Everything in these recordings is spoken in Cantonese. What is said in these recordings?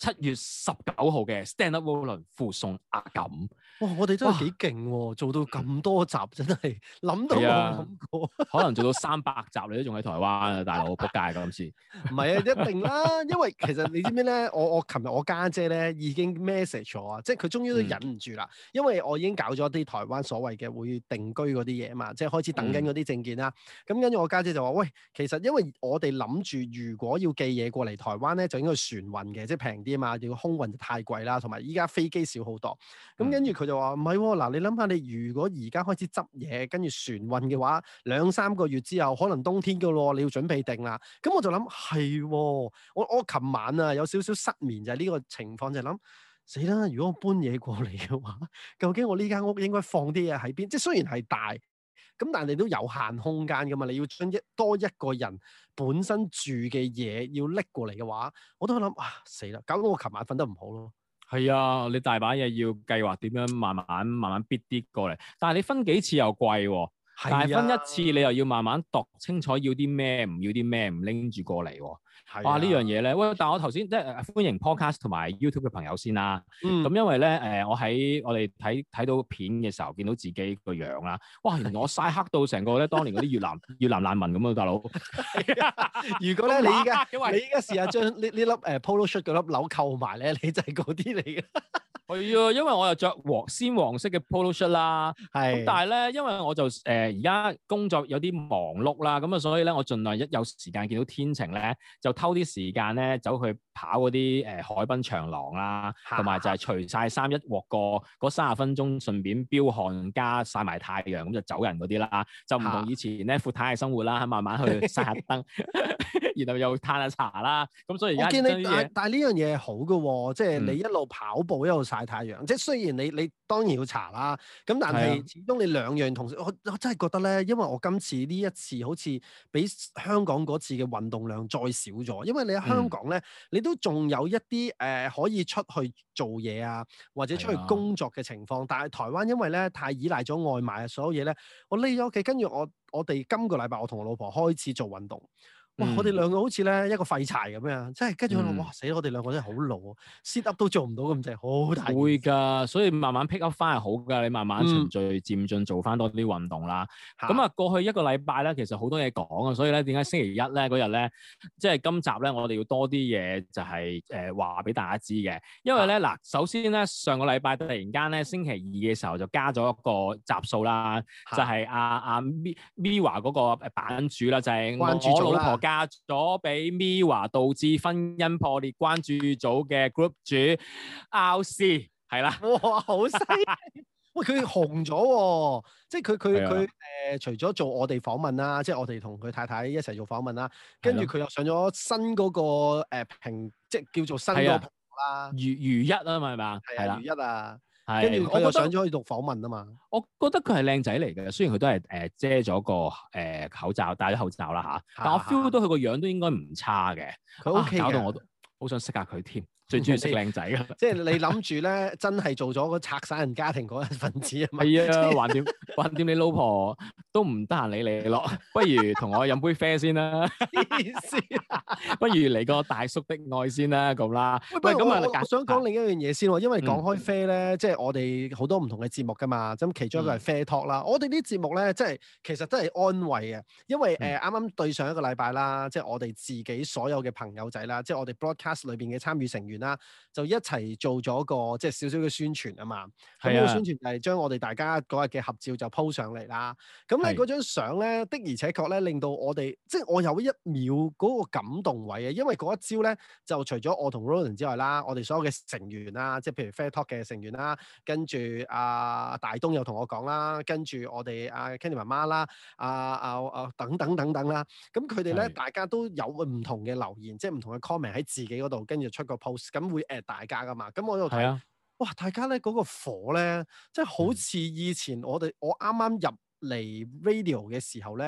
七月十九號嘅 Stand Up Wall 輪附送壓感，哇！我哋真係幾勁喎，哇做到咁多集真係諗到我冇諗過，啊、 可能做到三百集你都仲喺台灣啊，大佬！仆街咁先，唔係啊，一定啦， 因為其實你知唔知咧？我我琴日我家姐咧已經 message 咗啊，即係佢終於都忍唔住啦，嗯、因為我已經搞咗啲台灣所謂嘅會定居嗰啲嘢啊嘛，即係開始等緊嗰啲證件啦。咁跟住我家姐就話：喂，其實因為我哋諗住如果要寄嘢過嚟台灣咧，就應該船運嘅，即係平啲。嘛，要空運就太貴啦，同埋依家飛機少好多。咁、嗯、跟住佢就話唔係，嗱、啊、你諗下，你如果而家開始執嘢，跟住船運嘅話，兩三個月之後可能冬天嘅咯，你要準備定啦。咁我就諗係、啊，我我琴晚啊有少少失眠就係呢個情況，就係諗死啦。如果我搬嘢過嚟嘅話，究竟我呢間屋應該放啲嘢喺邊？即係雖然係大。咁但係你都有限空間噶嘛？你要將一多一個人本身住嘅嘢要拎過嚟嘅話，我都諗啊死啦！搞到我琴晚瞓得唔好咯。係啊，你大把嘢要計劃點樣慢慢，慢慢慢慢逼啲過嚟。但係你分幾次又貴喎、啊，啊、但係分一次你又要慢慢讀清楚要啲咩，唔要啲咩，唔拎住過嚟喎、啊。哇！啊、係呢樣嘢咧，喂！但係我頭先即係歡迎 Podcast 同埋 YouTube 嘅朋友先啦。咁、嗯、因為咧，誒、呃、我喺我哋睇睇到片嘅時候，見到自己個樣啦。哇！我曬黑到成個咧，當年嗰啲越南 越南難民咁啊，大佬。 如果咧呢你依家你依家試下將呢呢粒誒 polo shirt 嗰粒紐扣埋咧，你就係嗰啲嚟嘅。係 啊，因為我又着黃鮮黃色嘅 polo shirt 啦。係的，但係咧，因為我就誒而家工作有啲忙碌啦，咁啊，所以咧我儘量一有時間見到天晴咧就。抽啲時間咧，走去，跑嗰啲誒海濱長廊啦、啊，同埋就係除晒衫一鑊過嗰三十分鐘，順便飆汗加晒埋太陽咁就走人嗰啲啦，就唔同以前咧闊太嘅生活啦，慢慢去晒下燈， 然後又嘆下茶啦，咁所以而家我見你但但呢樣嘢好嘅喎、啊，即、就、係、是、你一路跑步一路晒太陽，嗯、即係雖然你你當然要搽啦，咁但係始終你兩樣同時，我我真係覺得咧，因為我今次呢一次好似比香港嗰次嘅運動量再少咗，因為你喺香港咧，嗯、你都都仲有一啲誒、呃、可以出去做嘢啊，或者出去工作嘅情況。的但係台灣因為咧太依賴咗外賣啊，所有嘢咧我匿咗屋企，跟住我我哋今個禮拜我同我老婆開始做運動。哇我哋兩個好似咧一個廢柴咁樣，即係跟住佢諗，嗯、哇死！我哋兩個真係好老啊 sit up 都做唔到咁滯，好大。會㗎，所以慢慢 pick up 翻係好㗎。你慢慢循序、嗯、漸進做翻多啲運動啦。咁啊的，過去一個禮拜咧，其實好多嘢講啊，所以咧點解星期一咧嗰日咧，即係今集咧，我哋要多啲嘢就係誒話俾大家知嘅，因為咧嗱的，首先咧上個禮拜突然間咧星期二嘅時候就加咗一個集數啦，的就係阿阿 Miva 嗰個版主啦，就係、是、我老婆,婆加嫁咗俾 MIRROR，導致婚姻破裂。關注組嘅 group 主阿 C 係啦，RC，哇，好犀利！ 喂，佢紅咗喎、 呃啊，即係佢佢佢誒，除咗做我哋訪問啦，即係我哋同佢太太一齊做訪問啦、啊，跟住佢又上咗新嗰、那個誒、呃、評，即係叫做新個啦、啊，如如一啊嘛係咪，係啦，如一啊。跟住我佢上咗去度訪問啊嘛，我。我覺得佢係靚仔嚟嘅。雖然佢都係誒、呃、遮咗個誒、呃、口罩，戴咗口罩啦嚇、啊。但我 feel 到佢個樣都應該唔差嘅。佢、啊、OK 嘅、啊，搞到我都好想識下佢添。啊。最中意食靚仔噶，即係 你諗住咧，真係做咗個拆散人家庭嗰份子 啊！係啊，橫掂橫掂，你老婆都唔得閒理你咯，不如同我飲杯啡先啦， 不如嚟個大叔的愛先啦，咁啦。喂，咁啊，我，假我想講另一樣嘢先喎，因為講開啡咧，嗯、即係我哋好多唔同嘅節目噶嘛，咁其中一個係啡託啦。我哋啲節目咧，即係其實都係安慰啊，因為誒啱啱對上一個禮拜啦，即係我哋自己所有嘅朋友仔啦，即係我哋 broadcast 裏邊嘅參與成員。啦，就一齊做咗個即係少少嘅宣傳啊嘛，咁嘅是、啊、宣傳就係將我哋大家嗰日嘅合照就鋪上嚟啦。咁咧，嗰張相咧的而且確咧令到我哋，即係我有一秒嗰個感動位啊！因為嗰一招咧，就除咗我同 Ronen 之外啦，我哋所有嘅成員啦，即係譬如 Fair Talk 嘅成員啦，跟住阿、呃、大東又同我講啦，跟住我哋阿 Kenny 媽媽啦，阿阿阿等等等等啦，咁佢哋咧大家都有個唔同嘅留言，是啊、即係唔同嘅 comment 喺自己嗰度，跟住出個 post。咁會誒大家噶嘛？咁我喺度睇啊，哇，大家咧嗰、嗰個火咧，即係好似以前我哋我啱啱入嚟 radio 嘅時候咧，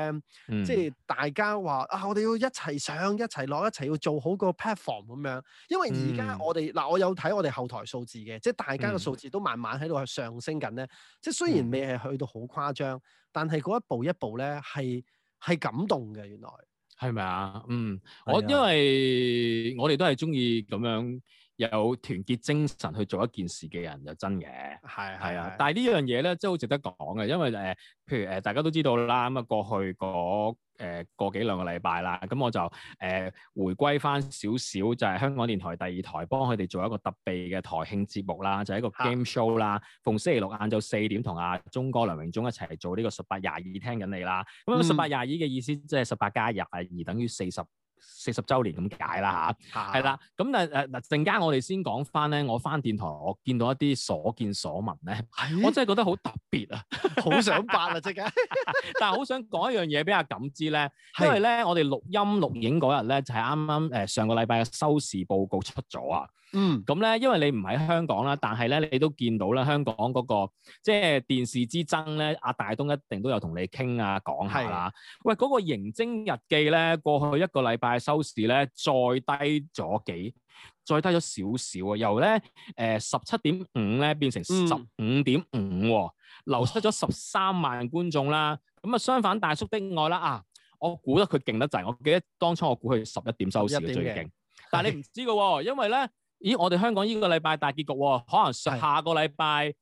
嗯、即係大家話啊，我哋要一齊上、一齊落、一齊要做好個 platform 咁樣。因為而家我哋嗱、嗯，我有睇我哋後台數字嘅，即係大家嘅數字都慢慢喺度上升緊咧。嗯、即係雖然未係去到好誇張，但係嗰一步一步咧係係感動嘅原來。係咪啊？嗯，的我因為我哋都係中意咁樣。有團結精神去做一件事嘅人就真嘅，係係啊，的但係呢樣嘢咧真係好值得講嘅，因為誒、呃，譬如誒、呃，大家都知道啦，咁啊過去嗰誒個幾兩個禮拜啦，咁我就誒、呃、回歸翻少少就係香港電台第二台幫佢哋做一個特別嘅台慶節目啦，就係、是、一個 game show 啦，啊、逢星期六晏晝四點同阿鐘哥梁榮忠一齊做呢個十八廿二聽緊你啦，咁十八廿二嘅意思即係十八加廿二等於四十。四十周年咁解啦吓，係、啊、啦，咁誒誒嗱，陣間、啊、我哋先講翻咧，我翻電台我見到一啲所見所聞咧，欸、我真係覺得好特別啊， 好想發啊，即刻。 但係好想講一樣嘢俾阿錦知咧，因為咧是我哋錄音錄影嗰日咧就係啱啱誒上個禮拜嘅收視報告出咗啊。嗯，咁咧，因為你唔喺香港啦，但係咧，你都見到啦，香港嗰、那個即係電視之爭咧，阿大東一定都有同你傾啊，講下、啊、啦。的喂，嗰、那個《刑偵日記》咧，過去一個禮拜收視咧，再低咗幾，再低咗少少啊，由咧誒十七點五咧變成十五點五喎，流失咗十三萬觀眾啦。咁啊、嗯，相反《大叔的愛》啦啊，我估得佢勁得滯，我記得當初我估佢十一點收視最勁，的但係你唔知嘅喎，因為咧。 咦，我哋香港呢個禮拜大結局喎、哦，可能下個禮拜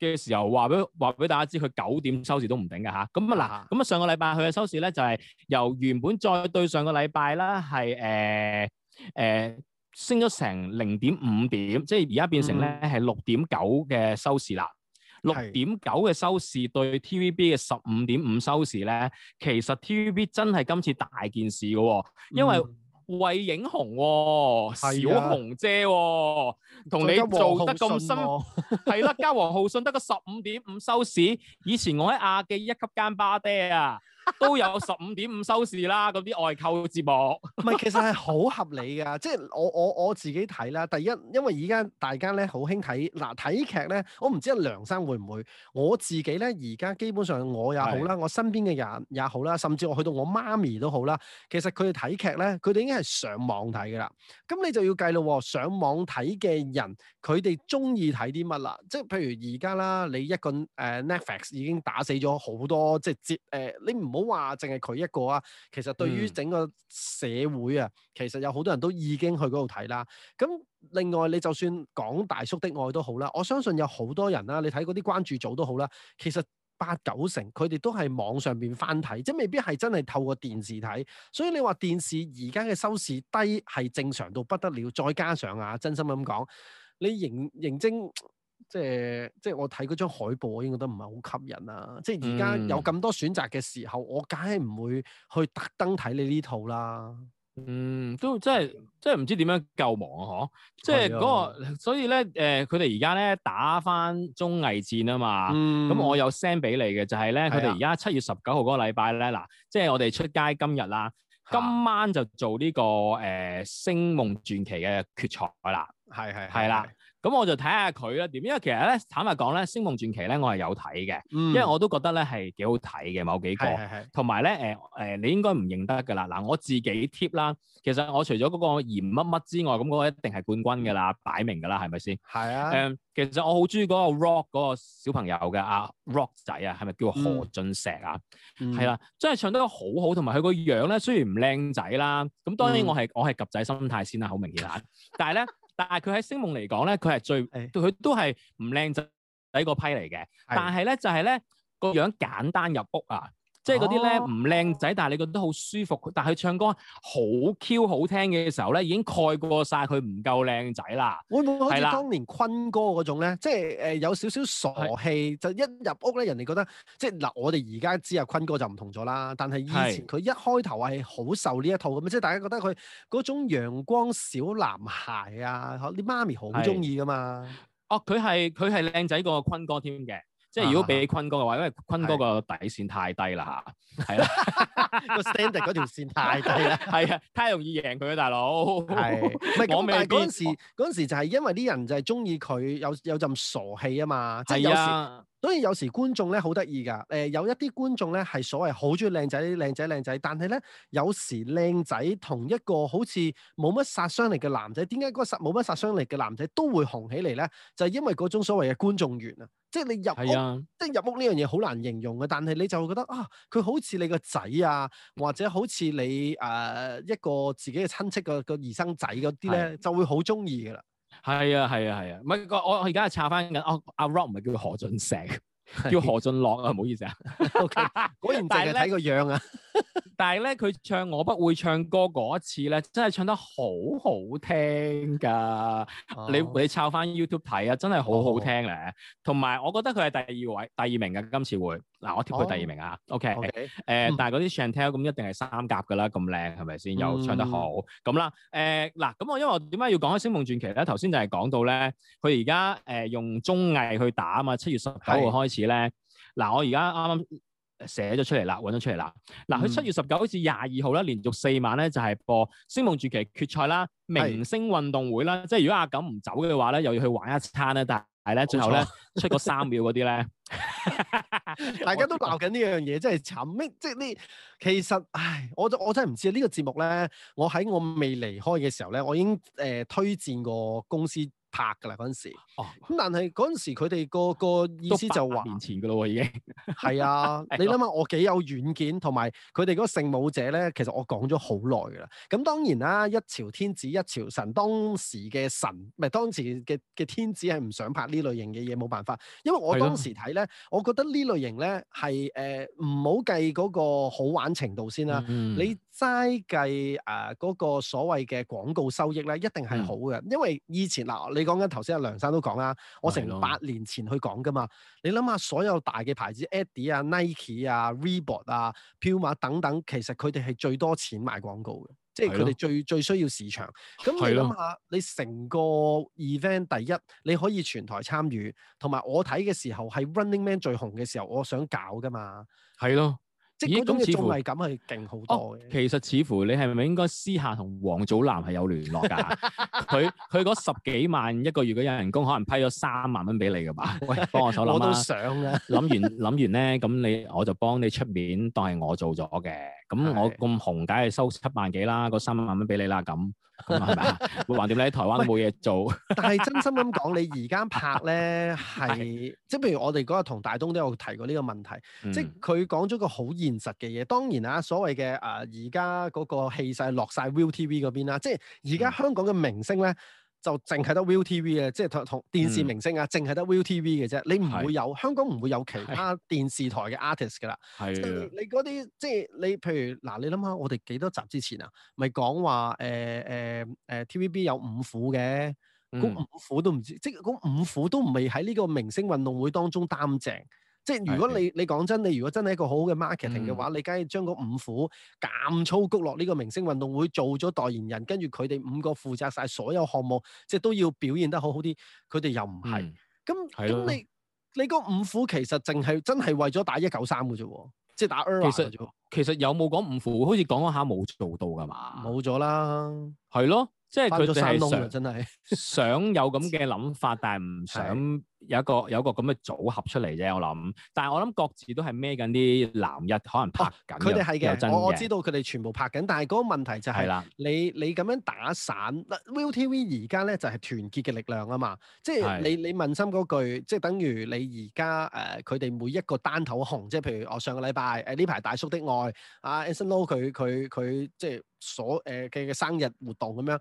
嘅時候話俾話俾大家知，佢九點收視都唔頂嘅吓，咁啊嗱，咁啊上個禮拜佢嘅收視咧就係、是、由原本再對上個禮拜啦，係誒誒升咗成零點五點，即係而家變成咧係六點九嘅收視啦。六點九嘅收視對 T V B 嘅十五點五收視咧，其實 T V B 真係今次大件事嘅喎、哦，因為、嗯。為影紅，哦啊、小紅姐、哦，同你做得咁深係啦，家王浩信得個十五點五收市，以前我喺亞記一級間巴爹啊。都有十五點五收視啦，嗰啲外購節目，唔 係其實係好合理㗎，即係我我我自己睇啦。第一，因為而家大家咧好興睇嗱睇劇咧，我唔知梁生會唔會，我自己咧而家基本上我也好啦，是我身邊嘅人也好啦，甚至我去到我媽咪都好啦。其實佢哋睇劇咧，佢哋已經係上網睇㗎啦。咁你就要計咯，上網睇嘅人佢哋中意睇啲乜啦？即係譬如而家啦，你一個誒 Netflix 已經打死咗好多即係節誒，你唔好。唔好話淨係佢一個啊，其實對於整個社會啊，其實有好多人都已經去嗰度睇啦。咁另外你就算講大叔的愛都好啦，我相信有好多人啦，你睇嗰啲關注組都好啦，其實八九成佢哋都係網上邊翻睇，即未必係真係透過電視睇。所以你話電視而家嘅收視低係正常到不得了，再加上啊，真心咁講，你認認真。即係即係我睇嗰張海報，我應該都唔係好吸引啊！即係而家有咁多選擇嘅時候，嗯、我梗係唔會去特登睇你呢套啦。嗯，都即係、嗯、即係唔知點樣救亡。啊！即係、那、嗰個，所以咧誒，佢哋而家咧打返綜藝戰啊嘛。咁、嗯、我有 send 俾你嘅就係咧，佢哋而家七月十九號嗰個禮拜咧，嗱、啊，即係我哋出街今日啦，今晚就做呢、這個誒、呃《星夢傳奇》嘅決賽啦。係係係啦。咁我就睇下佢咧點，因為其實咧坦白講咧《星夢傳奇》咧我係有睇嘅，嗯、因為我都覺得咧係幾好睇嘅某幾個，同埋咧誒誒你應該唔認得嘅啦。嗱、呃、我自己 tip 啦，其實我除咗嗰個嚴乜乜之外，咁、那、嗰個一定係冠軍嘅啦，擺明嘅啦，係咪先？係啊。誒、呃，其實我好中意嗰個 Rock 嗰個小朋友嘅、啊，阿 Rock 仔啊，係咪叫何俊石啊？係啦、嗯嗯啊，真係唱得好好，同埋佢個樣咧雖然唔靚仔啦，咁當然我係、嗯、我係及仔心態先啦，好明顯啦，但係咧。 但係佢喺星夢嚟講咧，佢係最佢都係唔靚仔個批嚟嘅，的但係咧就係咧個樣簡單入屋啊。即係嗰啲咧唔靚仔，但係你覺得好舒服，但係佢唱歌好 Q、A、好聽嘅時候咧，已經蓋過晒佢唔夠靚仔啦。會唔會好似當年坤哥嗰種咧？的即係誒有少少傻氣，是的 就一入屋咧，人哋覺得即係嗱，我哋而家知啊，坤哥就唔同咗啦。但係以前佢一開頭係好受呢一套咁啊，是的 即係大家覺得佢嗰種陽光小男孩啊，啲媽咪好中意噶嘛。哦，佢係佢係靚仔過坤哥添嘅。即係如果俾坤哥嘅話，因為坤哥個底線太低啦嚇，係啦個 standard 嗰條線太低啦，係啊， 太容易贏佢啦、啊，大佬係唔係講咩？嗰陣時嗰陣時 就係因為啲人就係中意佢有有陣傻氣啊嘛，啊即係有時當然有時觀眾咧好得意㗎，誒有、呃、有一啲觀眾咧係所謂好中意靚仔靚仔靚仔，但係咧有時靚仔同一個好似冇乜殺傷力嘅男仔，點解嗰個冇乜殺傷力嘅男仔都會紅起嚟咧？就係、是、因為嗰種所謂嘅觀眾緣啊！即係你入屋，啊、即係入屋呢樣嘢好難形容嘅，但係你就會覺得啊，佢好似你個仔啊，或者好似你誒、呃、一個自己嘅親戚個個兒生仔嗰啲咧，啊、就會好鍾意㗎喇。係啊，係啊，係啊，唔係個我而家係查返緊啊，阿 Rock 唔係叫何俊石。叫何俊樂啊，唔好意思啊。 okay, 果然淨係睇個樣子啊， 但係咧佢唱我不會唱歌嗰一次咧，真係唱得好，oh. 好好聽噶。你你抄翻 YouTube 睇啊，真係好好聽咧。同埋，我覺得佢係第二位、第二名嘅今次會。嗱、啊，我貼佢第二名啊，OK？誒，但係嗰啲 channel 咁一定係三甲㗎啦，咁靚係咪先？是是嗯、又唱得好，咁啦，誒、啊、嗱，咁、啊、我因為點解要講開《星夢傳奇》呢咧？頭先就係講到咧，佢而家誒用綜藝去打啊嘛，七月十九號開始咧，嗱是、啊，我而家啱啱寫咗出嚟啦，揾咗出嚟啦，嗱、啊，佢七月十九好似廿二號咧，連續四晚咧就係、是、播《星夢傳奇》決賽啦、明星運動會啦，是即係如果阿錦唔走嘅話咧，又要去玩一餐咧，但係咧，最後咧 出過三秒啲咧， 大家都鬧緊呢樣嘢，真係慘咩？即係呢，其實唉，我我真係唔知啊！呢、這個節目咧，我喺我未離開嘅時候咧，我已經誒、呃、推薦過公司。拍噶啦嗰陣時，咁、哦、但係嗰陣時佢哋個個意思就話、是，年前噶咯、啊、已經。係 啊，你諗下我幾有遠見，同埋佢哋嗰個聖母者咧，其實我講咗好耐噶啦。咁當然啦、啊，一朝天子一朝臣，當時嘅臣，唔係當時嘅嘅天子係唔想拍呢類型嘅嘢，冇辦法。因為我當時睇咧，的我覺得呢類型咧係誒唔好計嗰個好玩程度先啦。嗯、你。齋計誒嗰、呃那個所謂嘅廣告收益咧，一定係好嘅，嗯、因為以前嗱、啊，你講緊頭先阿梁生都講啦，我成八年前去講噶嘛。的你諗下，所有大嘅牌子 Adidas 啊、Nike 啊、Reebok 啊、Puma 等等，其實佢哋係最多錢買廣告嘅，即係佢哋最的最，最需要市場。咁的你諗下，你成個 event 第一，你可以全台參與，同埋我睇嘅時候係 Running Man 最紅嘅時候，我想搞噶嘛。係咯的。即咦，咁似乎係勁好多。其實似乎你係咪應該私下同王祖藍係有聯絡㗎？佢佢嗰十幾萬一個月嘅有人工，可能批咗三萬蚊俾你㗎嘛？ 喂幫我手諗啊！我都想啊！諗 完諗完咧，咁你我就幫你出面當係我做咗嘅。咁我咁紅，梗係收七萬幾啦，嗰三萬蚊俾你啦，咁。係咪啊？橫掂 你喺台灣都冇嘢做喂。 但係真心咁講， 你而家拍咧係，即係譬如我哋嗰日同大東都有提過呢個問題，嗯、即係佢講咗個好現實嘅嘢。當然啊，所謂嘅誒而家嗰個氣勢落晒 ViuTV 嗰邊啦，即係而家香港嘅明星咧。嗯嗯就淨係得 ViuTV 嘅，即係同同電視明星啊，淨係得 ViuTV 嘅啫。你唔會有的香港唔會有其他電視台嘅 artist 㗎啦。係的你嗰啲即係你譬如嗱，你諗下我哋幾多集之前啊，咪講話誒誒誒 TVB 有五虎嘅，嗰、嗯、五虎都唔知，即係嗰五虎都唔係喺呢個明星運動會當中擔正。即係如果你的你講真，你如果真係一個好好嘅 marketing 嘅話，嗯、你梗係將嗰五虎減粗谷落呢個明星運動會做咗代言人，跟住佢哋五個負責晒所有項目，即係都要表現得好好啲。佢哋又唔係，咁咁你你個五虎其實淨係真係為咗打一九三嘅啫，即係打。其實已其實有冇講五虎？好似講嗰下冇做到㗎嘛？冇咗啦，係咯，即係佢哋真係 想有咁嘅諗法，但係唔想。有一個有一個咁嘅組合出嚟啫，我諗。但係我諗各自都係孭緊啲男一，可能拍緊。佢哋係嘅，我知道佢哋全部拍緊。但係嗰個問題就係啦，你你咁樣打散，ViuTV 而家咧就係團結嘅力量啊嘛。即係你你問心嗰句，即係等於你而家誒佢哋每一個單頭紅，即係譬如我上個禮拜誒呢排大叔的愛，阿 Anson Lo 佢佢佢即係所誒嘅嘅生日活動咁樣。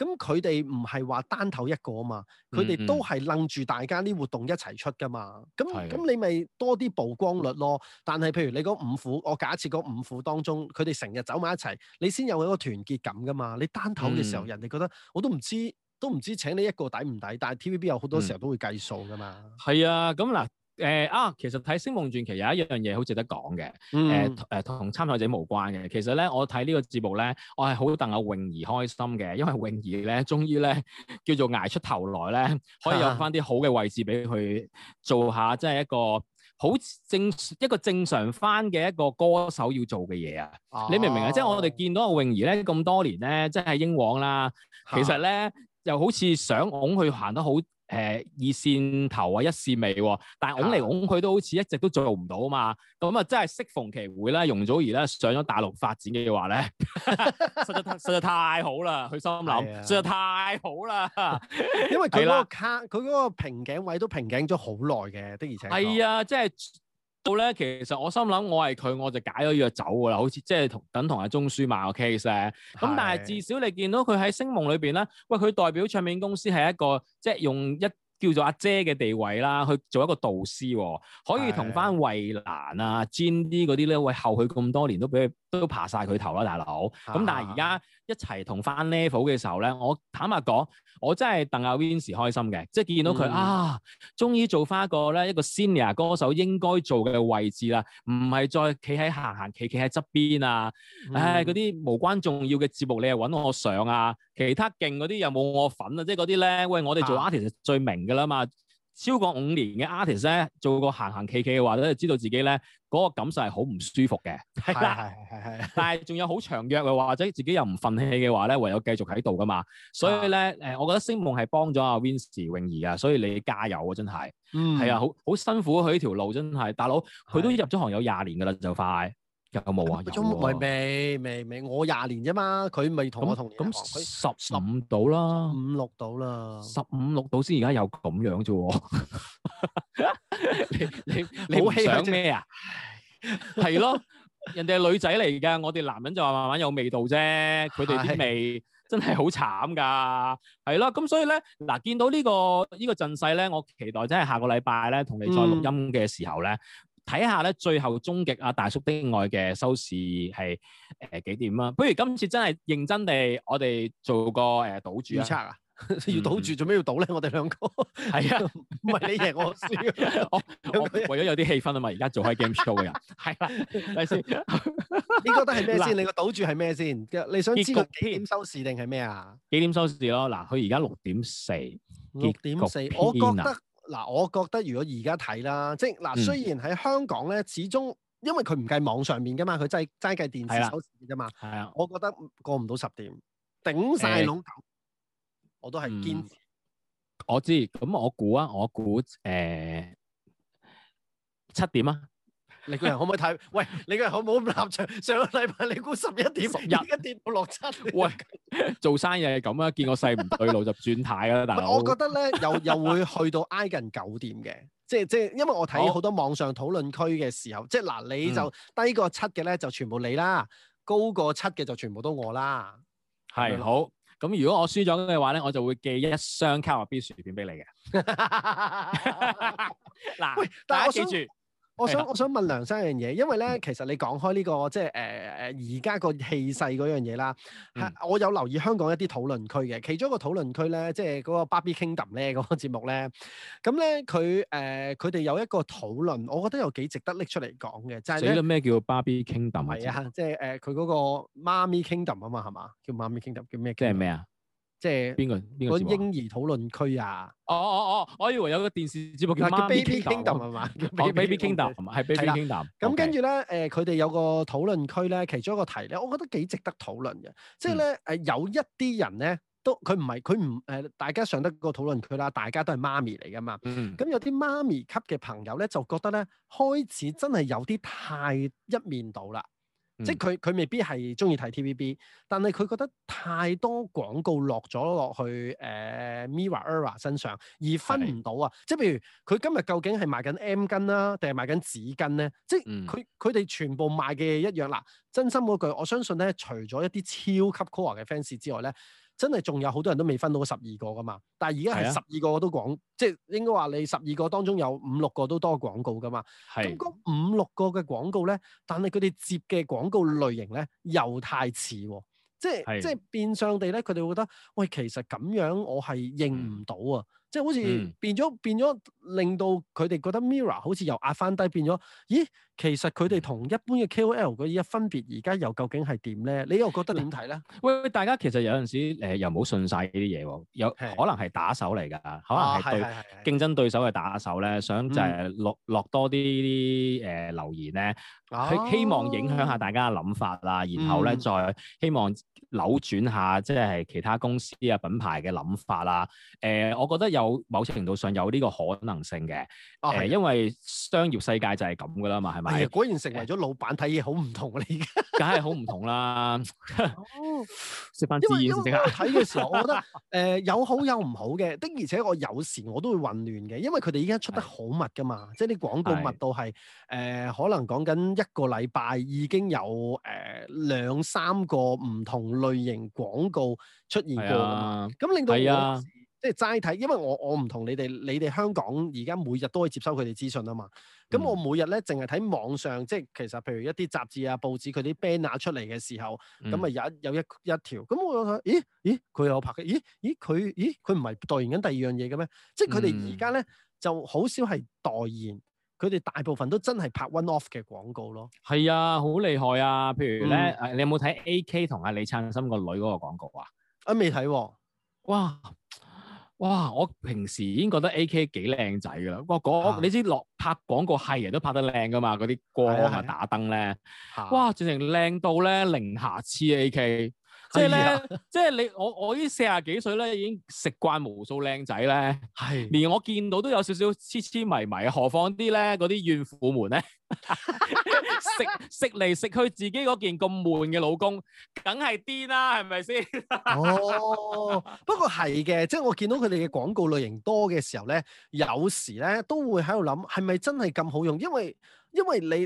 咁佢哋唔係話單頭一個啊嘛，佢哋都係楞住大家啲活動一齊出噶嘛。咁咁的你咪多啲曝光率咯。但係譬如你嗰五虎，我假設嗰五虎當中，佢哋成日走埋一齊，你先有嗰個團結感噶嘛。你單頭嘅時候，嗯、人哋覺得我都唔知，都唔知請你一個抵唔抵。但係 TVB 有好多時候都會計數噶嘛。係、嗯、啊，咁嗱。誒啊、呃！其實睇《星夢傳奇》有一樣嘢好值得講嘅，誒誒同參賽者無關嘅。其實咧，我睇呢個節目咧，我係好戥阿泳兒開心嘅，因為泳兒咧終於咧叫做捱出頭來咧，可以有翻啲好嘅位置俾佢做下，啊、即係一個好正一個正常翻嘅一個歌手要做嘅嘢啊！你明唔明啊？即係我哋見到阿泳兒咧咁多年咧，即係英皇啦，其實咧又、啊、好似想擁佢行得好。誒、呃、二線頭啊，一線尾喎、哦，但係拱嚟拱去都好似一直都做唔到啊嘛，咁啊真係適逢其會啦，容祖兒咧上咗大陸發展嘅話咧， 實在實在太好啦，佢心諗實在太好啦， 因為佢嗰個卡佢嗰個是、啊、瓶頸位都瓶頸咗好耐嘅，的而且確係啊，即係。到咧，其實我心諗，我係佢，我就解咗約走噶啦，好似即係同等同阿鍾舒漫個 case 咧的。咁但係至少你見到佢喺星夢裏邊咧，喂佢代表唱片公司係一個即係用一叫做阿姐嘅地位啦，去做一個導師，哦，可以同翻衞蘭啊、Gin Lee 嗰啲咧，喂後去咁多年都俾佢。都爬晒佢頭啦，大佬咁、啊嗯。但係而家一齊同翻 level 嘅時候咧，我坦白講，我真係戥阿 Vinny 開心嘅，即係見到佢、嗯、啊，終於做翻一個咧一個 senior 歌手應該做嘅位置啦，唔係再企喺行行企企喺側邊啊。唉、嗯，嗰啲、哎、無關重要嘅節目你係揾我上啊，其他勁嗰啲又冇我份啊，即係嗰啲咧，喂，我哋做 artist 最明㗎啦嘛。超過五年嘅 artist 咧，做個行行企企嘅話咧，都知道自己咧嗰、那個感受係好唔舒服嘅，係啊的，係係係。但係仲有好長約嘅話，或者自己又唔忿氣嘅話咧，唯有繼續喺度噶嘛。所以咧，誒，啊、我覺得星夢係幫咗阿 Vince 泳兒啊，所以你加油、嗯、啊，真係，係啊，好好辛苦佢呢條路真係，大佬佢都入咗行有廿年噶啦，就快。有冇啊？仲未未未未，我廿年啫嘛，佢咪同我同年。咁十十五到啦，五六到啦，十五六到先而家有咁樣啫。你你你唔想咩啊？係咯，人哋係女仔嚟噶，我哋男人就話慢慢有味道啫。佢哋啲味真係好慘噶，係咯。咁所以咧，嗱，見到呢個呢個陣勢咧，我期待真係下個禮拜咧，同你再錄音嘅時候咧。睇下咧，最後終極啊！大叔的愛嘅收視係誒幾點啦？不如今次真係認真地，我哋做個誒賭注預測啊！要賭注做咩要賭咧？我哋兩個係啊，唔係你贏我輸。我我為咗有啲氣氛啊嘛！而家做開 game show 嘅人係啦，睇先。你覺得係咩先？你個賭注係咩先？你想知個幾點收視定係咩啊？幾點收視咯？嗱，佢而家六點四。六點四，我覺得。嗱，我覺得如果而家睇啦，即係嗱，雖然喺香港咧，始終因為佢唔計網上面噶嘛，佢齋齋計電視收視嘅嘛。係啊的，我覺得過唔到十點，頂晒籠我都係堅持、嗯。我知，咁我估啊，我估誒七點啊。 你個人可唔可以睇？喂，你個人好唔好咁立場。上個禮拜你估十一點，而家跌到落七。喂，做生意係咁啊，見我勢唔對路 就轉態啦。大佬。我覺得咧，又又會去到挨近九點嘅，即係即係，因為我睇好多網上討論區嘅時候，好即係嗱，你就低過七嘅咧就全部你啦，高過七嘅就全部都我啦。係是嗎好，咁如果我輸咗嘅話咧，我就會寄一箱卡樂 B 薯片俾你嘅。嗱， 喂但，大家記住。我想我想問梁生一樣嘢，因為咧其實你講開呢、這個即係誒誒而家個氣勢嗰樣嘢啦，係、嗯、我有留意香港一啲討論區嘅，其中一個討論區咧，即係嗰個 Barbie Kingdom 咧嗰、那個節目咧，咁咧佢誒佢哋有一個討論，我覺得有幾值得拎出嚟講嘅，就係、是、咩叫 Barbie Kingdom 啊？係啊，即係誒佢嗰個媽咪 Kingdom 啊嘛，係嘛？叫媽咪 Kingdom 叫咩 King？即係咩啊？即係邊個邊個節目？個嬰兒討論區啊！哦哦哦，我以為有個電視節目叫 Baby Kingdom 啊嘛，講 Baby Kingdom，係 Baby Kingdom。咁跟住咧，誒佢哋有個討論區咧，其中一個題咧，我覺得幾值得討論嘅。即係咧，誒、呃、有一啲人咧，都佢唔係佢唔誒，大家上得個討論區啦，大家都係媽咪嚟噶嘛。咁、嗯、有啲媽咪級嘅朋友咧，就覺得咧，開始真係有啲太一面到啦。嗯、即係佢佢未必係中意睇 T.V.B.，但係佢覺得太多廣告落咗落去誒、呃、Mirror Era 身上而分唔到是啊！即係譬如佢今日究竟係賣緊 M 巾啦，定係賣緊紙巾咧？即係佢佢哋全部賣嘅一樣啦。真心嗰句，我相信咧，除咗一啲超級 core 嘅 fans 之外咧。真係仲有好多人都未分到十二個噶嘛，但係而家係十二個都講，是啊、即係應該話你十二個當中有五六個都多個廣告噶嘛。咁嗰五六個嘅廣告咧，但係佢哋接嘅廣告類型咧又太似喎、哦，即係是、啊、即係變相地咧，佢哋會覺得，喂，其實咁樣我係認唔到啊。嗯即係好似變咗、嗯、變咗，令到佢哋覺得 Mirror 好似又壓翻低變咗。咦，其實佢哋同一般嘅 KOL 嘅分別而家又究竟係點咧？你又覺得點睇咧？喂，喂大家其實有陣時誒、呃、又唔好信晒呢啲嘢有是可能係打手嚟㗎，啊、可能係對競爭對手嘅打手咧，啊、想就係落落多啲啲誒留言咧，佢、嗯、希望影響下大家嘅諗法啦，啊、然後咧再希望扭轉下即係其他公司啊品牌嘅諗法啦誒、呃呃、我覺得有。有某程度上有呢個可能性嘅，啊，係因為商業世界就係咁噶啦嘛，係咪？係啊，果然成為咗老闆睇嘢，好唔同啦，而家梗係好唔同啦。食翻自然食下。睇嘅時候，我覺得誒有好有唔好嘅，的而且我有時我都會混亂嘅，因為佢哋而家出得好密噶嘛，即係啲廣告密到係誒，可能講緊一個禮拜已經有誒兩三個唔同類型廣告出現過嘛，咁令到係啊。即係齋睇，因為我我唔同你哋，你哋香港而家每日都可以接收佢哋資訊啊嘛。咁我每日咧淨係睇網上，即係其實譬如一啲雜誌啊、報紙佢啲 banner 出嚟嘅時候，咁啊有有一有一條，咁我睇，咦咦，佢有拍嘅，咦咦，佢咦佢唔係代言緊第二樣嘢嘅咩？即係佢哋而家咧就好少係代言，佢哋大部分都真係拍 one off 嘅廣告咯。係啊，好厲害啊！譬如咧，嗯、你有冇睇 AK 同阿李燦森個女嗰個廣告啊？啊未睇喎，哇！哇！我平時已經覺得 A.K. 幾靚仔噶啦，我、那、講、個啊、你知落拍廣告係人都拍得靚噶嘛，嗰啲光啊打燈咧，啊、哇！變成靚到咧零瑕疵 A.K. 即係咧，即係、啊、 你我我呢四廿幾歲咧已經食慣無數靚仔咧，係、啊、連我見到都有少少黐黐迷迷，何況啲咧嗰啲怨婦們咧？ 食食嚟食去自己嗰件咁悶嘅老公，梗係癲啦，係咪先？ 哦，不過係嘅，即係我見到佢哋嘅廣告類型多嘅時候咧，有時咧都會喺度諗，係咪真係咁好用？因為因為你你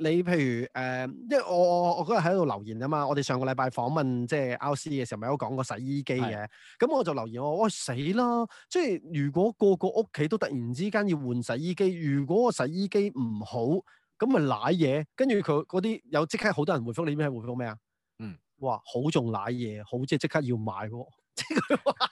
你，你譬如誒，即、呃、係我我嗰日喺度留言啊嘛，我哋上個禮拜訪問即係 LCD 嘅時候，咪有講過洗衣機嘅，咁是的 我就留言我，喂死啦！即係如果個個屋企都突然之間要換洗衣機，如果個洗衣機唔好。咁咪瀨嘢，跟住佢嗰啲有即刻好多人回覆你，咩？回覆咩啊？嗯，哇，好仲瀨嘢，好即係即刻要買喎、啊。即係佢話，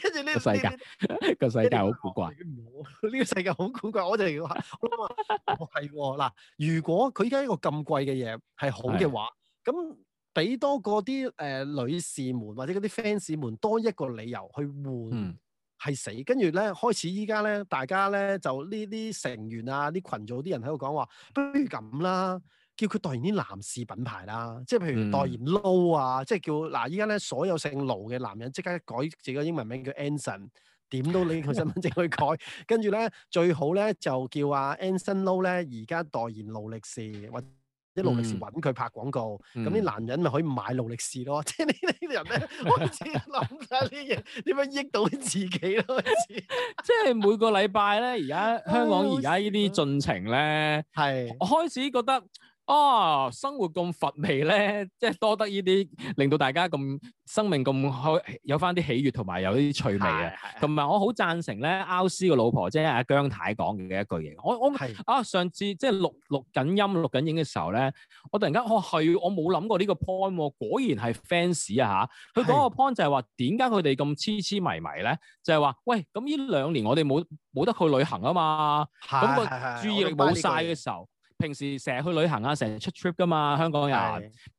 跟住呢個世界 個世界好古怪，呢 個世界好古怪，我就要話，係嗱、哦啊，如果佢依家一個咁貴嘅嘢係好嘅話，咁俾、啊、多個啲誒、呃、女士們或者嗰啲 fans 們多一個理由去換、嗯。係死，跟住咧開始依家咧，大家咧就呢啲成員啊，啲群組啲人喺度講話，不如咁啦，叫佢代言啲男士品牌啦，即係譬如代言 Low 啊，嗯、即係叫嗱，依家咧所有姓盧嘅男人即刻改自己個英文名叫 Anson，點都拎佢身份證去改，跟住咧最好咧就叫阿、啊、Anson Lo 咧而家代言勞力士或者啲勞力士搵佢拍廣告，咁啲、嗯嗯、男人咪可以買勞力士咯，即 係呢啲人咧開始諗晒啲嘢，點樣 益到自己咯，開始。 即係每個禮拜咧，而家、哎、香港而家呢啲進程咧，係、哎、我開始覺得。哦，生活咁乏味咧，即係多得呢啲令到大家咁生命咁開，有翻啲喜悅同埋有啲趣味啊！同埋我好贊成咧，歐斯個老婆即係阿姜太講嘅一句嘢。我我是啊，上次即係錄錄緊音錄緊影嘅時候咧，我突然間、哦、我係我冇諗過呢個 point，、哦、果然係 fans 啊吓！佢、啊、講個 point 就係話點解佢哋咁痴痴迷迷咧？就係、是、話喂，咁呢兩年我哋冇冇得去旅行啊嘛，咁是是個注意力冇晒嘅時候。平時成日去旅行啊，成日出 trip 㗎嘛，香港人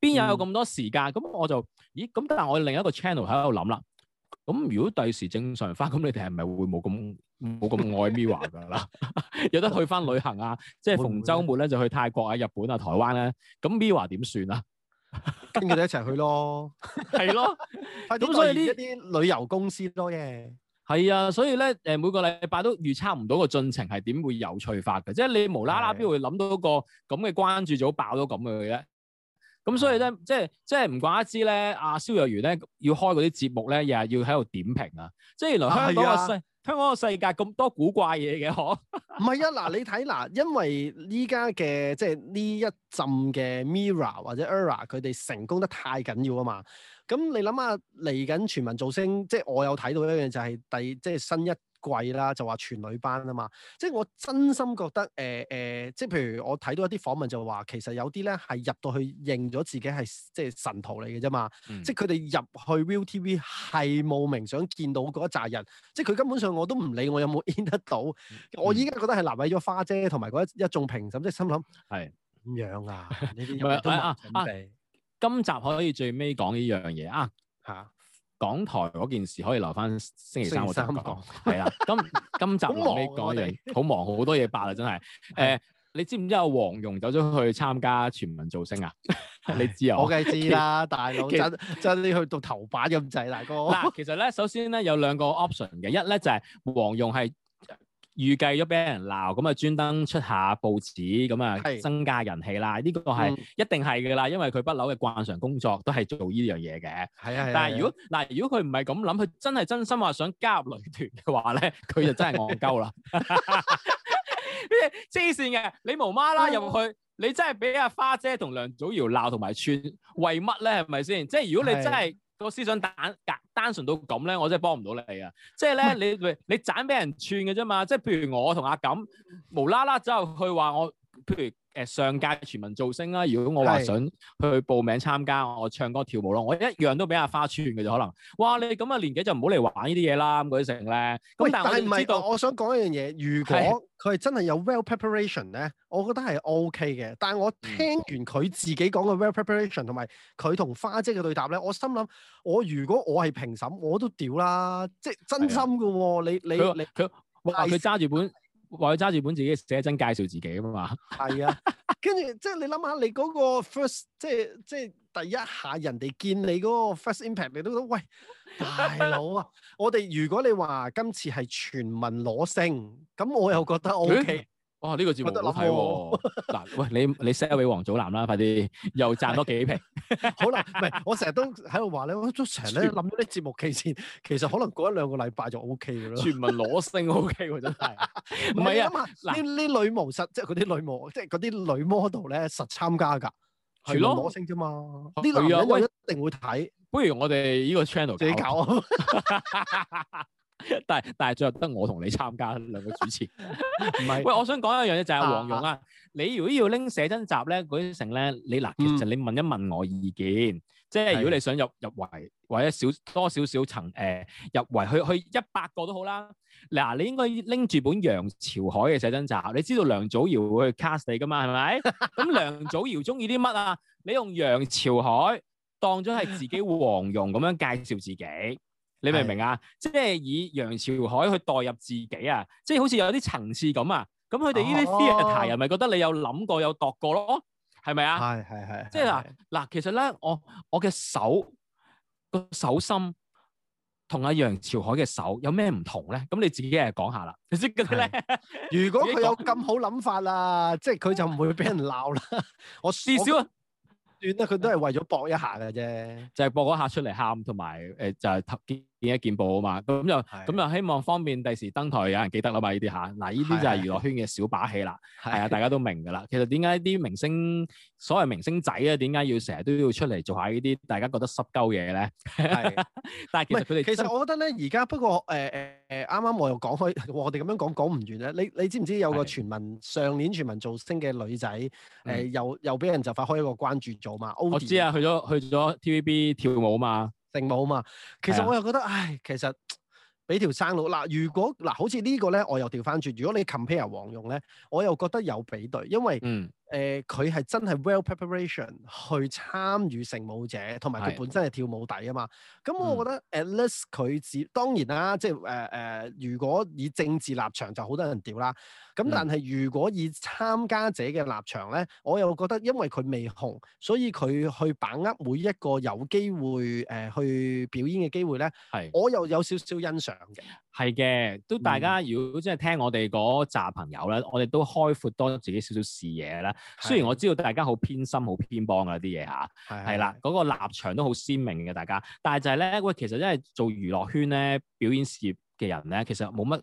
邊的有咁多時間？咁我就，咦咁得？但我另一個 channel 喺度諗啦。咁如果第時正常翻，咁你哋係咪會冇咁冇咁愛 MIRROR 㗎啦？ 有得去翻旅行啊，即係逢週末咧就去泰國啊、日本啊、台灣咧，咁 MIRROR 點算啊？跟佢哋一齊去咯，係咯，咁所以呢啲旅遊公司多嘅。係啊，所以咧，誒、呃、每個禮拜都預測唔到個進程係點會有趣法嘅，即係你無啦啦邊會諗到個咁嘅關注組爆到咁嘅咧？咁所以咧，即係即係唔怪得知咧，阿蕭若元咧要開嗰啲節目咧，又係要喺度點評啊！即係原來香港個世啊啊香港個世界咁多古怪嘢嘅，嗬？唔係啊，嗱 你睇嗱，因為依家嘅即係呢一浸嘅 Mirror 或者 Error，佢哋成功得太緊要啊嘛～咁、嗯、你諗下嚟緊全民造星，即係我有睇到一樣就係第即係新一季啦，就話全女班啊嘛。即係我真心覺得誒誒、欸呃，即係譬如我睇到一啲訪問就話，其實有啲咧係入到去認咗自己係即係神徒嚟嘅啫嘛。嗯、即係佢哋入去 ViuTV 係慕名想見到嗰一紮人，即係佢根本上我都唔理我有冇 in 得到。嗯、我依家覺得係難為咗花姐同埋一一眾評審，即係心諗係咁樣啊，你哋都冇 準備。啊啊今集可以最尾講呢樣嘢啊吓、啊、港台嗰件事可以留翻星期三我再講係啦今今集最尾講嘢好忙好多嘢八啦真係誒、 呃、你知唔知阿黃蓉走咗去參加全民造星啊 你知啊，我梗係知啦大佬真真你去到頭版咁滯大哥嗱其實咧首先咧有兩個 option 嘅一咧就係、是、黃蓉係。預計咗俾人鬧，咁啊專登出下報紙，咁啊增加人氣啦。呢的個係一定係噶啦，因為佢不嬲嘅慣常工作都係做呢樣嘢嘅。係啊的，但係如果嗱，如果佢唔係咁諗，佢真係真心話想加入女團嘅話咧，佢就真係戇鳩啦。黐線嘅，你無媽啦入、嗯、去，你真係俾阿花姐同梁祖堯鬧同埋串，為乜咧？係咪先？即係如果你真係。個思想單單純到咁咧，我真係幫唔到你啊！即係咧，你你你斬俾人串嘅啫嘛！即係譬如我同阿錦無啦啦走去話我，譬如。誒上屆全民造星啦，啊，如果我話想去報名參加，是我唱歌跳舞咯，我一樣都俾阿花串嘅就可能。哇！你咁嘅年紀就唔好嚟玩呢啲嘢啦，嗰啲成咧。咁喂但係唔係？我想講一樣嘢，如果佢係真係有 well preparation 咧是，我覺得係 OK 嘅。但係我聽完佢自己講嘅 well preparation 同埋佢同花姐嘅對答咧，我心諗我如果我係評審，我都屌啦，即係真心嘅喎、啊。你他你你佢佢揸住本。話佢揸住本自己寫真介紹自己啊嘛，係啊，跟住即係你諗下，你嗰個 first 即係即係第一下人哋見你嗰個 first impact，你都覺得喂，大佬啊！ 我哋如果你話今次係全民攞星，咁我又覺得 O、OK、K。哦，呢個節目好睇喎！嗱，喂，你你 set 一俾王祖藍啦，快啲，又賺多幾皮。好啦，唔係，我成日都喺度話咧，通常咧諗啲節目期前，其實可能過一兩個禮拜就 OK 嘅咯。全民裸星 OK，真係。唔係啊嘛，嗱，呢呢女模實即係嗰啲女模，即係嗰啲女 model 咧實參加㗎。係咯，裸星啫嘛。啲男人一定會睇。不如我哋呢個 channel 自己搞。但係但係，最後得我同你參加兩個主持，唔 係是。 喂，我想講一樣嘢就係、是、黃蓉啊！啊你如果要拎寫真集咧，啲成咧，你嗱，其實你問一問我意見，嗯、即係如果你想入入圍或者少多少少層誒入圍，去去一百個都好啦。嗱、啊，你應該拎住本楊朝海嘅寫真集，你知道梁祖堯會去 cast 你噶嘛？係咪？咁 梁祖堯中意啲乜啊？你用楊朝海當咗係自己黃蓉咁樣介紹自己。 你明唔明啊？是即係以楊朝海去代入自己啊，即係好似有啲層次咁啊。咁佢哋呢啲戲劇人咪覺得你有諗過有度過咯，係咪啊？係係係。即係嗱嗱，其實咧，我我嘅手個手心同阿楊朝海嘅手有咩唔同咧？咁你自己嚟講下啦。你識嘅咧？如果佢有咁好諗法啦， 即係佢就唔會俾人鬧啦。我，我至少啊，算得佢都係為咗搏一下嘅啫。就係搏一下出嚟喊，同埋誒就係、是見一見報啊嘛，咁又咁就希望方便第時登台有人記得啦嘛，呢啲吓，嗱呢啲就係娛樂圈嘅小把戲啦，係啊的，大家都明㗎啦。其實點解啲明星所謂明星仔啊，點解要成日都要出嚟做下呢啲大家覺得濕鳩嘢咧？係的， 但係其實佢哋其實我覺得咧，而家不過誒誒誒，啱、呃、啱我又講開、呃呃，我哋咁樣講講唔完咧。你你知唔知有個全民的上年全民造星嘅女仔，誒、呃嗯、又又俾人就發開一個關注組嘛？我知啊，去咗去咗 TVB 跳舞啊嘛。定冇嘛？其實我又覺得，的唉，其實俾條生路嗱。如果嗱，好似呢個咧，我又調翻轉。如果你 compare 黃蓉咧，我又覺得有比對，因為嗯。誒，佢係真係 well preparation 去參與成舞者，同埋佢本身係跳舞底啊嘛。咁的我覺得 at least 佢自當然啦，即係誒誒，如果以政治立場就好多人屌啦。咁但係如果以參加者嘅立場咧，我又覺得因為佢未紅，所以佢去把握每一個有機會誒、呃、去表演嘅機會咧。係的，我又有少少欣賞嘅。係嘅，都大家、嗯、如果真係聽我哋嗰集朋友咧，我哋都開闊多咗自己少少視野啦。雖然我知道大家好偏心、好偏幫㗎啲嘢嚇，係啦，嗰個立場都好鮮明嘅，大家，但係就係咧，喂，其實因為做娛樂圈咧、表演事業嘅人咧，其實冇乜。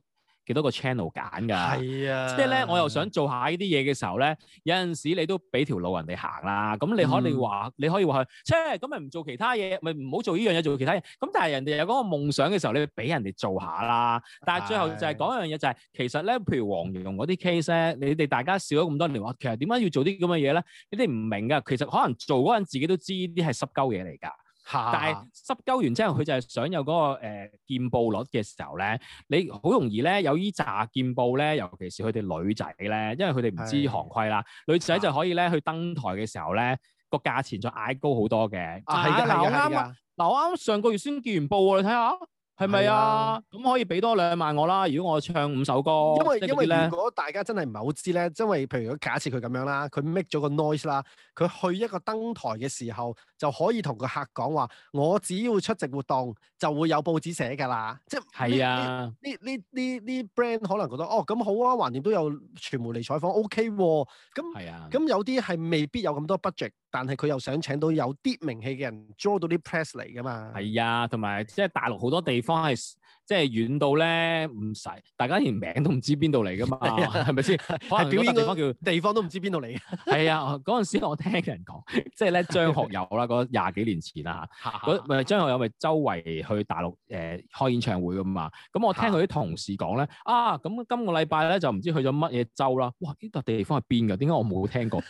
幾多個 channel 揀㗎？係是啊，即係咧，我又想做下呢啲嘢嘅時候咧，有陣時你都俾條路人哋行啦。咁你可能話、嗯，你可以話佢，即咁咪唔做其他嘢，咪唔好做呢樣嘢，做其他嘢。咁但係人哋有嗰個夢想嘅時候，你會俾人哋做下啦。但係最後就係講一樣嘢、就是，就係是、啊、其實咧，譬如黃蓉嗰啲 case 咧，你哋大家笑咗咁多年，話其實點解要做啲咁嘅嘢咧？你哋唔明㗎。其實可能做嗰陣自己都知呢啲係濕鳩嘢嚟㗎。但係、啊、濕鳩完之後，佢就係想有嗰、那個誒見報率嘅時候咧，你好容易咧有依紮見報咧，尤其是佢哋女仔咧，因為佢哋唔知行規啦，的女仔就可以咧、啊、去登台嘅時候咧個價錢再嗌高好多嘅。係㗎的，嗱我啱啊，嗱我啱的的上個月先見完報，你睇下。係咪啊？咁、啊、可以俾多兩萬我啦。如果我唱五首歌，因為因為如果大家真係唔係好知咧，因為譬如假設佢咁樣啦，佢 make 咗個 noise 啦，佢去一個登台嘅時候就可以同個客講話，我只要出席活動就會有報紙寫噶啦。即係、啊、呢呢呢呢 brand 可能覺得哦咁好啊，橫掂都有傳媒嚟採訪，OK 喎、啊。咁咁、啊、有啲係未必有咁多 budget。但係佢又想請到有啲名氣嘅人，draw 到啲 press 嚟㗎嘛？係啊、哎，同埋即係大陸好多地方係。即係遠到咧，唔使大家連名都唔知邊度嚟噶嘛，係咪先？可能表演地方叫 地方都唔知邊度嚟。係 啊，嗰陣時我聽人講，即係咧張學友啦，嗰廿幾年前啦嚇，嗰咪 張學友咪周圍去大陸誒、呃、開演唱會噶嘛。咁我聽佢啲同事講咧， 啊咁今個禮拜咧就唔知去咗乜嘢州啦。哇！呢、這、笪、個、地方係邊㗎？點解我冇聽過？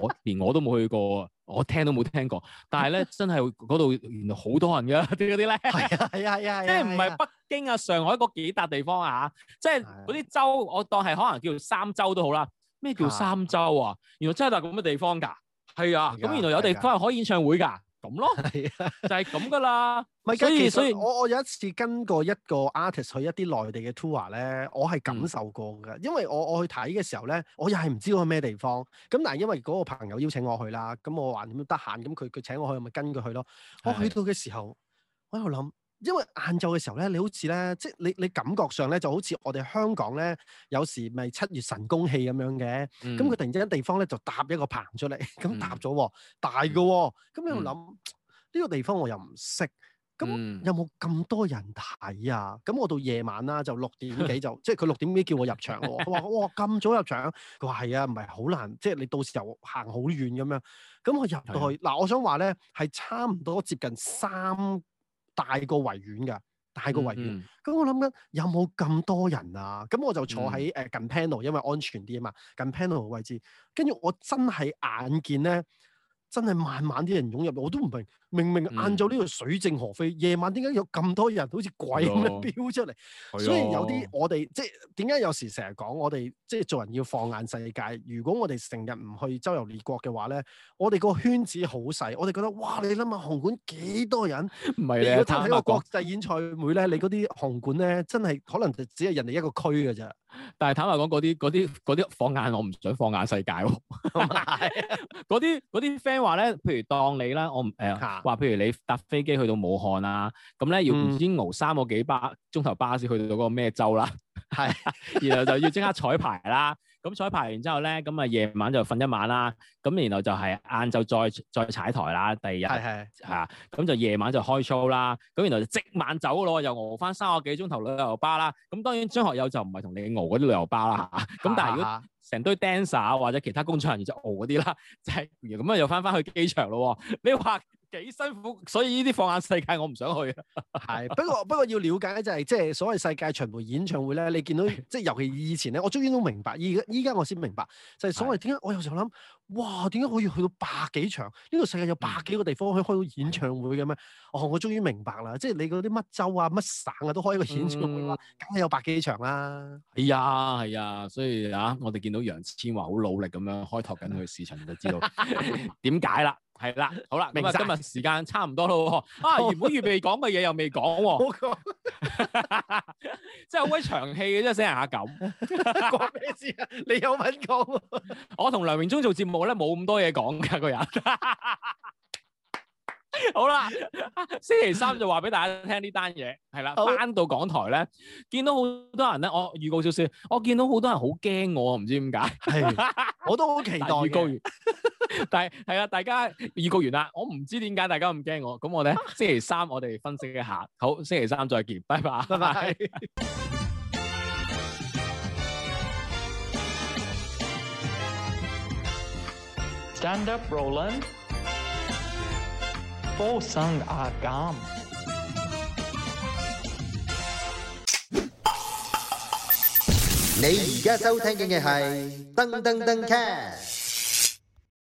我連我都冇去過。我聽都冇聽過，但係咧 真係嗰度原來好多人㗎啲嗰啲咧，係啊係啊係啊， 即係唔係北京啊上海嗰幾笪地方啊，即係嗰啲州，我當係可能叫做三州都好啦、啊。咩叫三州啊？ 原來真係有咁嘅地方㗎，係啊。咁、啊、 原來有地方係可以演唱會㗎。咁咯，係啊， 就係咁噶啦。咪跟住所以所以，我我有一次跟過一個 artist 去一啲內地嘅 tour 咧，我係感受過嘅。嗯、因為我我去睇嘅時候咧，我又係唔知去咩地方。咁但係因為嗰個朋友邀請我去啦，咁我話點樣得閒，咁佢佢請我去，咪跟佢去咯。的我去到嘅時候，我喺度諗。因為晏晝嘅時候咧，你好似咧，即係你你感覺上咧，就好似我哋香港咧，有時咪七月神功氣咁樣嘅，咁佢、嗯、突然之間地方咧就搭一個棚出嚟，咁搭咗喎，嗯、大嘅喎、哦，咁你要諗呢個地方我又唔識，咁有冇咁多人睇啊？咁、嗯、我到夜晚啦，就六點幾就， 即係佢六點幾叫我入場，佢話哇咁早入場，佢話係啊，唔係好難，即、就、係、是、你到時又行好遠咁樣，咁我入到去嗱， 我想話咧係差唔多接近三。大個維園噶，大個維園。咁、嗯嗯、我諗緊有冇咁多人啊？咁我就坐喺誒近 panel、嗯、因為安全啲啊嘛，近 panel 嘅位置。跟住我真係眼見咧。真係慢慢啲人湧入，我都唔明。明明晏晝呢個水靜河飛，夜、嗯、晚點解有咁多人好似鬼咁樣飆出嚟？嗯、所以有啲我哋即係點解有時成日講我哋即係做人要放眼世界。如果我哋成日唔去周遊列國嘅話咧，我哋個圈子好細。我哋覺得哇！你諗下紅館幾多人？唔係咧，你睇個國際演唱會咧，你嗰啲紅館咧真係可能就只係人哋一個區嘅啫。但係坦白講，嗰啲啲啲放眼我唔想放眼世界喎。嗰啲啲 friend 話咧，譬如當你啦，我唔誒話，呃、譬如你搭飛機去到武漢啊，咁、嗯、咧、嗯、要唔知熬三個幾巴鐘頭巴士去到嗰個咩州啦，係 然後就要即刻彩排啦。 咁彩排完之後咧，咁啊夜晚就瞓一晚啦，咁然後就係晏晝再再踩台啦，第二日係係嚇，咁是、啊、就夜晚就開操 h 啦，咁然後就即晚走咯，又熬翻三個幾鐘頭旅遊巴啦，咁當然張學友就唔係同你熬嗰啲旅遊巴啦嚇，咁、啊、但係如果成堆 dancer 或者其他工作人員就熬嗰啲啦，就係咁啊又翻翻去機場咯，你話？幾辛苦，所以呢啲放眼世界，我唔想去。係 不過不過要了解就係即係所謂世界巡迴演唱會咧，你見到即係、就是、尤其以前咧，我終於都明白，而依家我先明白就係、是、所謂點解我有時候諗，哇，點解可以去到百幾場？呢、這個世界有百幾個地方可以開到演唱會嘅咩？嗯、哦，我終於明白啦，即、就、係、是、你嗰啲乜州啊、乜省啊都開一個演唱會，梗係、嗯、有百幾場啦、啊。係啊係啊，所以啊，我哋見到楊千嬅好努力咁樣開拓緊佢市場，就知道點解啦。 係啦，好啦，咁啊今、啊、日時間差唔多啦啊原本預備講嘅嘢又未講喎，即係好鬼長氣嘅，即係成日吓咁，關 咩事啊？你有乜講、啊、我同梁榮忠做節目咧，冇咁多嘢講噶，個人。 好啦，星期三就話俾大家聽呢單嘢，係 啦，翻好到港台咧，見到好多人咧，我預告少少，我見到好多人好驚我唔知點解，係 ，我都好期待。 預告完，但係係啊，大家預告完啦，我唔知點解大家咁驚我，咁我哋 星期三我哋分析一下，好，星期三再見，拜拜，拜拜。Stand up, Roland. 波生阿減，你而家收聽嘅嘢係噔噔噔 cast。